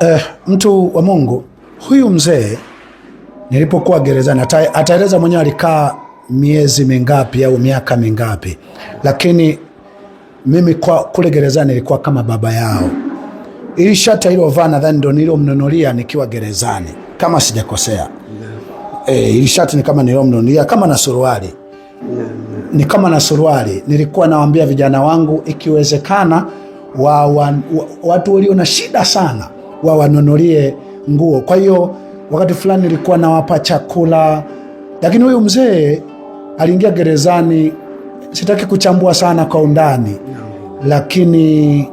Eh, mtu wa Mungu huyu mzee nilipokuwa gerezani, ataeleza mwenyewe alikaa miezi mingapi au miaka mingapi, lakini mimi kwa kule gerezani nilikuwa kama baba yao. Ili shata ilovaa nadhani ndo nilomnunulia nikiwa gerezani kama sijakosea. Eh, ili shati ni kama nilomnunulia kama na suruali ni kama na suruali. Nilikuwa nawaambia vijana wangu, ikiwezekana wa, wa, wa, watu walio na shida sana wawanunulie nguo. Kwa hiyo wakati fulani nilikuwa nawapa chakula, lakini huyu mzee aliingia gerezani. Sitaki kuchambua sana kwa undani, lakini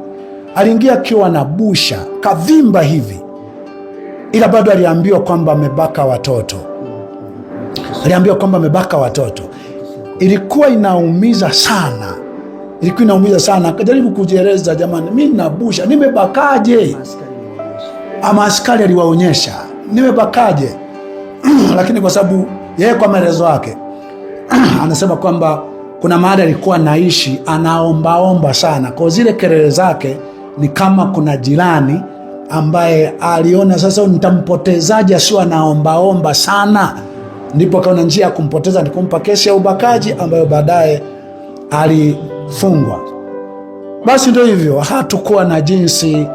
aliingia akiwa na busha kavimba hivi, ila bado aliambiwa kwamba amebaka watoto, aliambiwa kwamba amebaka watoto. Ilikuwa inaumiza sana, ilikuwa inaumiza sana. Akajaribu kujieleza, jamani, mi nabusha, nimebakaje? ama askari aliwaonyesha niwe bakaje lakini kwa sababu yeye kwa maelezo yake anasema kwamba kuna mahali alikuwa naishi anaombaomba sana, kwa zile kelele zake ni kama kuna jirani ambaye aliona sasa, nitampotezaje asiwa anaombaomba sana? Ndipo akaona njia ya kumpoteza ni kumpa kesi ya ubakaji ambayo baadaye alifungwa. Basi ndio hivyo, hatukuwa na jinsi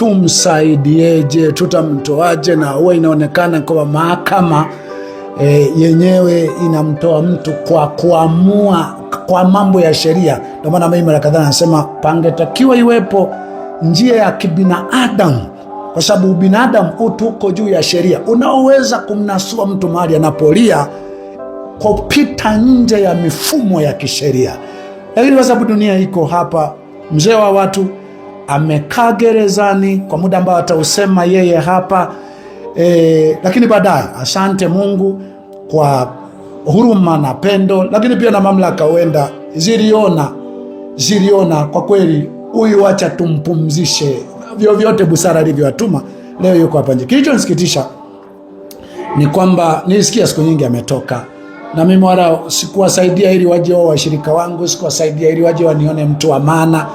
tumsaidieje, tutamtoaje? Na huwa inaonekana kwamba mahakama e, yenyewe inamtoa mtu kwa kuamua kwa mambo ya sheria. Ndio maana mimi mara kadhaa nasema pangetakiwa iwepo njia ya kibinadamu, kwa sababu ubinadamu uko juu ya sheria. Unaoweza kumnasua mtu mahali anapolia kupita nje ya mifumo ya kisheria, lakini kwa sababu dunia iko hapa, mzee wa watu amekaa gerezani kwa muda ambao atausema yeye hapa e, lakini baadaye, asante Mungu kwa huruma na pendo, lakini pia na mamlaka, huenda ziliona ziliona kwa kweli, huyu acha tumpumzishe vyovyote busara alivyowatuma. Leo yuko hapa nje. Kilichonisikitisha ni kwamba nilisikia siku nyingi ametoka na mimi wala sikuwasaidia ili waje wao washirika wangu, sikuwasaidia ili waje wanione mtu wa maana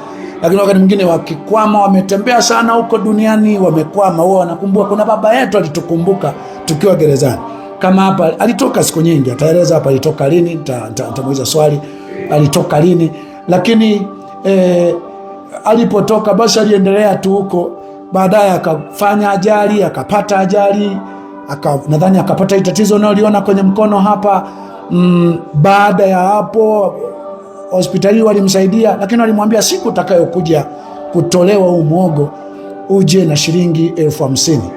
lakini wakati mwingine wakikwama, wametembea sana huko duniani, wamekwama, huwa wanakumbuka. Kuna baba yetu alitukumbuka tukiwa gerezani, kama hapa alitoka siku nyingi, ataeleza hapa alitoka lini, nitamuuliza swali alitoka lini, lakini eh, alipotoka basi aliendelea tu huko, baadaye akafanya ajali, akapata ajali aka, nadhani akapata hii tatizo unaoliona kwenye mkono hapa mm, baada ya hapo hospitali walimsaidia, lakini walimwambia siku utakayokuja kutolewa huu mwogo uje na shilingi elfu hamsini.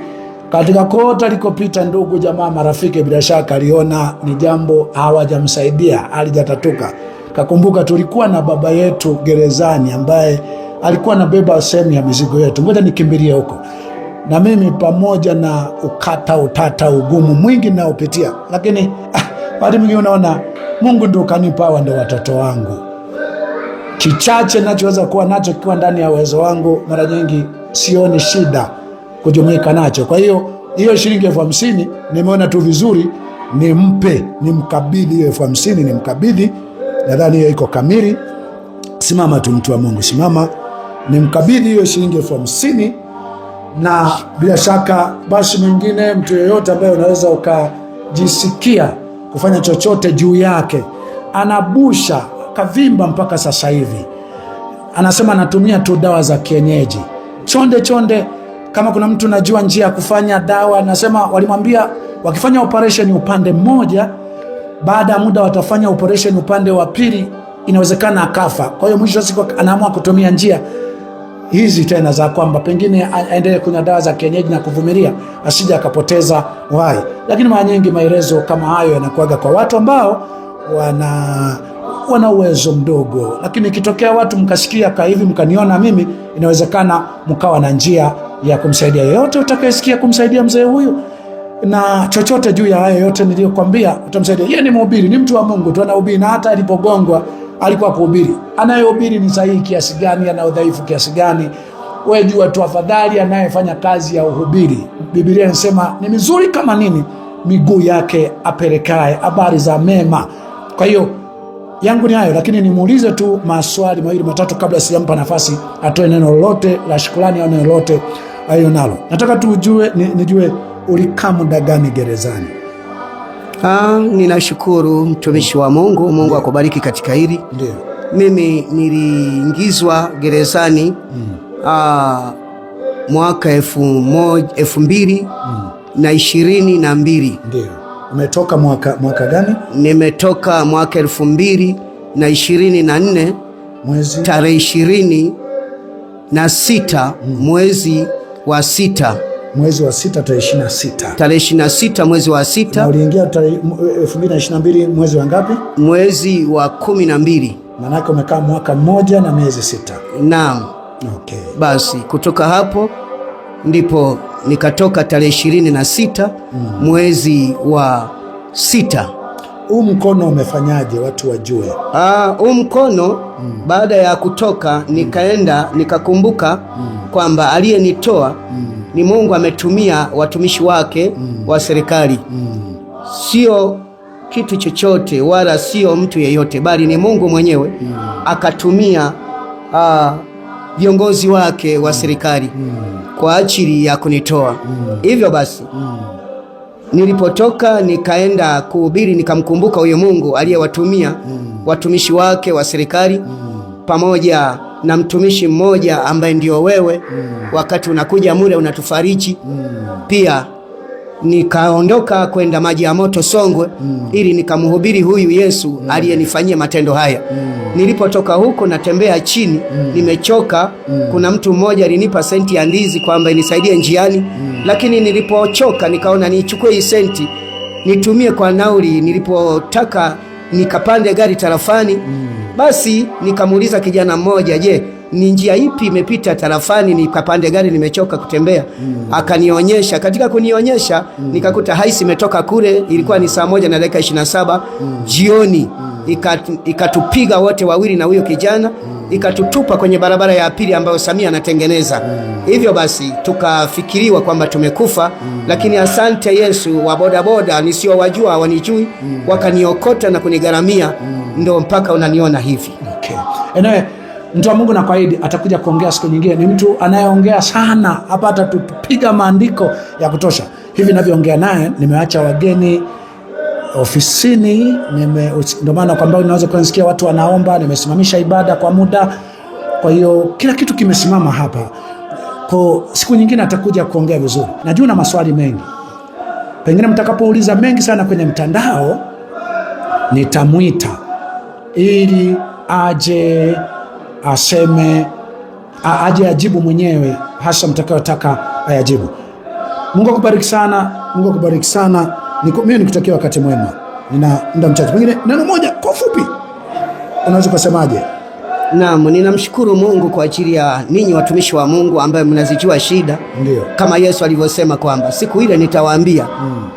Katika kota alikopita, ndugu jamaa, marafiki, bila shaka aliona ni jambo hawajamsaidia, alijatatuka kakumbuka, tulikuwa na baba yetu gerezani ambaye alikuwa anabeba sehemu ya mizigo yetu, ngoja nikimbilie huko na mimi pamoja na ukata, utata, ugumu mwingi naopitia, lakini ah, Wakati mwingine unaona Mungu ndo kanipa hawa, ndo watoto wangu. Kichache nachoweza kuwa nacho kikiwa ndani ya uwezo wangu, mara nyingi sioni shida kujumuika nacho. Kwa hiyo hiyo shilingi elfu hamsini nimeona tu vizuri nimpe, nimkabidhi hiyo elfu hamsini nimkabidhi. Nadhani hiyo iko kamili. Simama tu mtu wa Mungu, simama, nimkabidhi hiyo shilingi elfu hamsini na bila shaka basi mengine, mtu yeyote ambaye unaweza ukajisikia kufanya chochote juu yake, anabusha kavimba mpaka sasa hivi. Anasema anatumia tu dawa za kienyeji, chonde chonde. Kama kuna mtu najua njia ya kufanya dawa, anasema walimwambia wakifanya operesheni upande mmoja, baada ya muda watafanya operation upande wa pili, inawezekana akafa. Kwa hiyo mwisho wa siku anaamua kutumia njia hizi tena za kwamba pengine aendelee kunywa dawa za kienyeji na kuvumilia asije akapoteza uhai. Lakini mara nyingi maelezo kama hayo yanakuaga kwa watu ambao wana wana uwezo mdogo, lakini ikitokea watu mkasikia ka hivi mkaniona mimi, inawezekana mkawa na njia ya kumsaidia yeyote utakayesikia kumsaidia mzee huyu na chochote juu ya hayo yote niliyokwambia, utamsaidia. Yeye ni mhubiri, ni mtu wa Mungu tu anahubiri, na hata alipogongwa alikuwa kuhubiri. Anayehubiri ni sahihi kiasi gani? Ana udhaifu kiasi gani? Wewe jua tu, afadhali anayefanya kazi ya uhubiri. Biblia inasema ni mizuri kama nini miguu yake apelekaye habari za mema. Kwa hiyo yangu ni hayo, lakini nimuulize tu maswali mawili matatu kabla sijampa nafasi atoe neno lolote la shukrani au neno lolote alilonalo. Nataka tujue, nijue ulikaa muda gani gerezani? Ah, ninashukuru mtumishi wa Mungu. Mungu akubariki katika hili. Ndio. Mimi niliingizwa gerezani mm. ah, mwaka elfu moja, elfu mbili mm. na ishirini na mbili. Ndio. Umetoka mwaka, mwaka gani? Nimetoka mwaka elfu mbili na ishirini na nne mwezi tarehe ishirini na sita mm. mwezi wa sita mwezi wa sita tarehe ishirini na sita tarehe ishirini na sita mwezi wa sita uliingia e, elfu mbili na ishirini na mbili mwezi wa ngapi? Mwezi wa kumi na mbili. Maanake umekaa mwaka mmoja na miezi sita. Naam. Okay. Basi kutoka hapo ndipo nikatoka tarehe ishirini na sita mm. mwezi wa sita. Huu mkono umefanyaje watu wajue? Ah, huu mkono mm. baada ya kutoka nikaenda mm. nikakumbuka mm. kwamba aliyenitoa mm ni Mungu ametumia watumishi wake mm. wa serikali mm. sio kitu chochote wala sio mtu yeyote, bali ni Mungu mwenyewe mm. akatumia aa, ah, viongozi wake wa mm. serikali mm. kwa ajili ya kunitoa mm. hivyo basi mm. nilipotoka nikaenda kuhubiri, nikamkumbuka huyo Mungu aliyewatumia mm. watumishi wake wa serikali mm. pamoja na mtumishi mmoja ambaye ndio wewe mm. wakati unakuja mule unatufariji mm. pia nikaondoka kwenda maji ya moto Songwe mm. ili nikamhubiri huyu Yesu mm. aliyenifanyia matendo haya mm. Nilipotoka huko natembea chini mm. nimechoka mm. kuna mtu mmoja alinipa senti ya ndizi kwamba inisaidie njiani mm. lakini nilipochoka nikaona nichukue hii senti nitumie kwa nauli. Nilipotaka nikapande gari tarafani mm. Basi nikamuuliza kijana mmoja, je, ni njia ipi imepita tarafani nikapande gari, nimechoka kutembea mm. Akanionyesha. Katika kunionyesha mm. nikakuta haisi imetoka kule, ilikuwa ni saa moja na dakika 27 mm. jioni mm. ikatupiga wote wawili na huyo kijana mm ikatutupa kwenye barabara ya pili ambayo Samia anatengeneza. Mm. Hivyo basi tukafikiriwa kwamba tumekufa, mm. lakini asante Yesu, wa nisiowajua hawanijui, mm. wakaniokota na kunigharamia, ndo mpaka unaniona hivi. Okay. Anyway, mtu wa Mungu na kwaidi atakuja kuongea siku nyingine. Ni mtu anayeongea sana hapa, atatupiga maandiko ya kutosha. Hivi navyoongea naye nimeacha wageni ofisini, ndio maana kwamba unaweza kusikia watu wanaomba, nimesimamisha ibada kwa muda. Kwa hiyo kila kitu kimesimama hapa, kwa siku nyingine atakuja kuongea vizuri. Najua na maswali mengi, pengine mtakapouliza mengi sana kwenye mtandao, nitamwita ili aje aseme A, aje ajibu mwenyewe hasa mtakayotaka ayajibu. Mungu akubariki sana, Mungu akubariki sana mimi nikutakia wakati mwema, nina muda mchache, pengine neno moja kwa fupi unaweza kusemaje? Naam, ninamshukuru Mungu kwa ajili ya ninyi watumishi wa Mungu ambaye mnazijua shida. Ndiyo. Kama Yesu alivyosema kwamba siku ile nitawaambia, mm.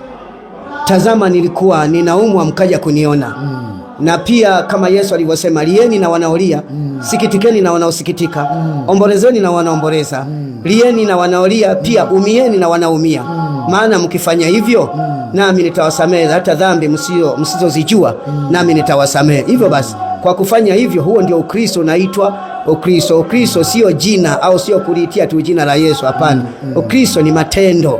tazama nilikuwa ninaumwa mkaja kuniona, mm. na pia kama Yesu alivyosema, lieni na wanaolia, mm. sikitikeni na wanaosikitika, mm. ombolezeni na wanaomboleza, mm. lieni na wanaolia, pia mm. umieni na wanaumia, mm maana mkifanya hivyo nami nitawasamehe hata dhambi msizozijua nami nitawasamehe. Hivyo basi kwa kufanya hivyo, huo ndio Ukristo unaitwa Ukristo. Ukristo sio jina au sio kuliitia tu jina la Yesu, hapana. Ukristo ni matendo.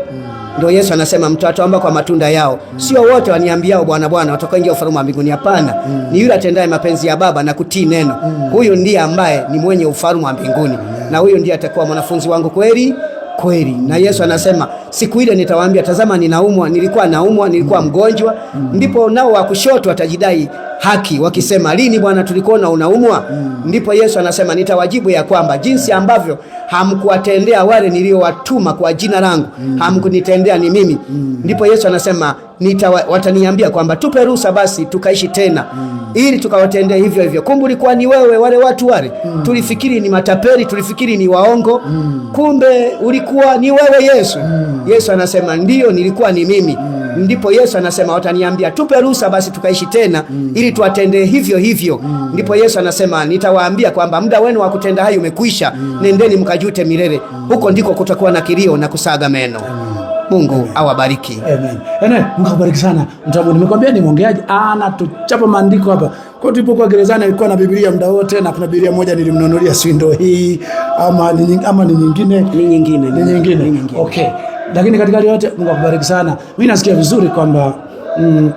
Ndio Yesu anasema mtawatamba kwa matunda yao. Sio wote waniambiao Bwana Bwana watakaoingia ufalme wa mbinguni, hapana. Ni yule atendaye mapenzi ya Baba na kutii neno, huyo ndiye ambaye ni mwenye ufalme wa mbinguni, na huyo ndiye atakuwa mwanafunzi wangu kweli kweli. Na Yesu anasema siku ile nitawaambia, tazama, ninaumwa, nilikuwa naumwa, nilikuwa mgonjwa. Ndipo nao wa kushoto watajidai haki, wakisema lini Bwana tulikuona unaumwa? mm. Ndipo Yesu anasema nitawajibu ya kwamba jinsi mm. ambavyo hamkuwatendea wale niliowatuma kwa jina langu mm. hamkunitendea ni mimi mm. Ndipo Yesu anasema wataniambia kwamba tupe ruhusa basi tukaishi tena mm. ili tukawatendea hivyo hivyo. Kumbe ulikuwa ni wewe, wale watu wale mm. tulifikiri ni matapeli, tulifikiri ni waongo mm. kumbe ulikuwa ni wewe Yesu mm. Yesu anasema ndiyo, nilikuwa ni mimi mm ndipo Yesu anasema wataniambia, tupe ruhusa basi tukaishi tena mm. ili tuwatende hivyo hivyo mm. ndipo Yesu anasema nitawaambia kwamba muda wenu wa kutenda hayo umekwisha mm. nendeni mkajute milele mm. huko ndiko kutakuwa na kilio na kusaga meno Amen. Mungu awabariki. Amen. Amen. Mungu awabariki sana. Mtamu, nimekwambia ni mwongeaji anatuchapa ah, maandiko hapa. Kwa tulipokuwa gerezani alikuwa na Biblia muda wote, na kuna Biblia moja nilimnunulia, si ndio hii ama ni ama ni nyingine, ni nyingine, ni nyingine. Okay, lakini katika yote Mungu akubariki sana. Mimi nasikia vizuri kwamba mm,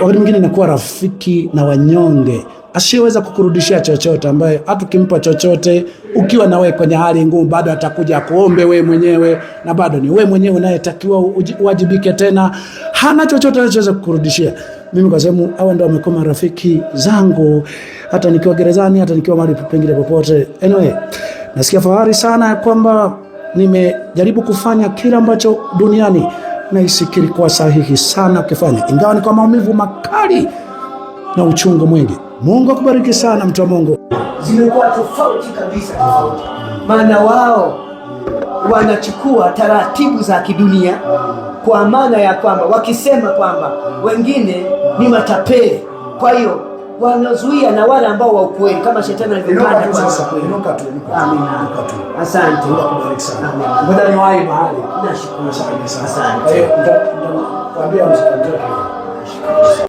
wakati mwingine nakuwa rafiki na wanyonge asiyeweza kukurudishia chochote, ambaye hata ukimpa chochote ukiwa na wewe kwenye hali ngumu, bado atakuja kuombe wewe mwenyewe, na bado ni wewe mwenyewe unayetakiwa uwajibike. Tena hana chochote anachoweza kukurudishia mimi kwa sababu hawa ndio wamekuwa marafiki zangu, hata nikiwa gerezani, hata nikiwa mahali pengine popote. Anyway, nasikia fahari sana ya kwamba nimejaribu kufanya kila ambacho duniani nahisi kilikuwa sahihi sana kufanya, ingawa ni kwa maumivu makali na uchungu mwingi. Mungu akubariki sana, mtu wa Mungu. Zimekuwa tofauti kabisa, tofauti maana wao wanachukua taratibu za kidunia, kwa maana ya kwamba wakisema kwamba wengine ni matapee. Kwa hiyo wanazuia na wale ambao wa ukweli kama shetani alivyopanda kwa sababu kweli. Inuka tu, inuka. Amina. Inuka tu. Asante. Mungu akubariki sana. Amina. Ngoja niwahi mahali. Nashukuru sana. Asante. Kwa hiyo ndio kwambia msikilizaji.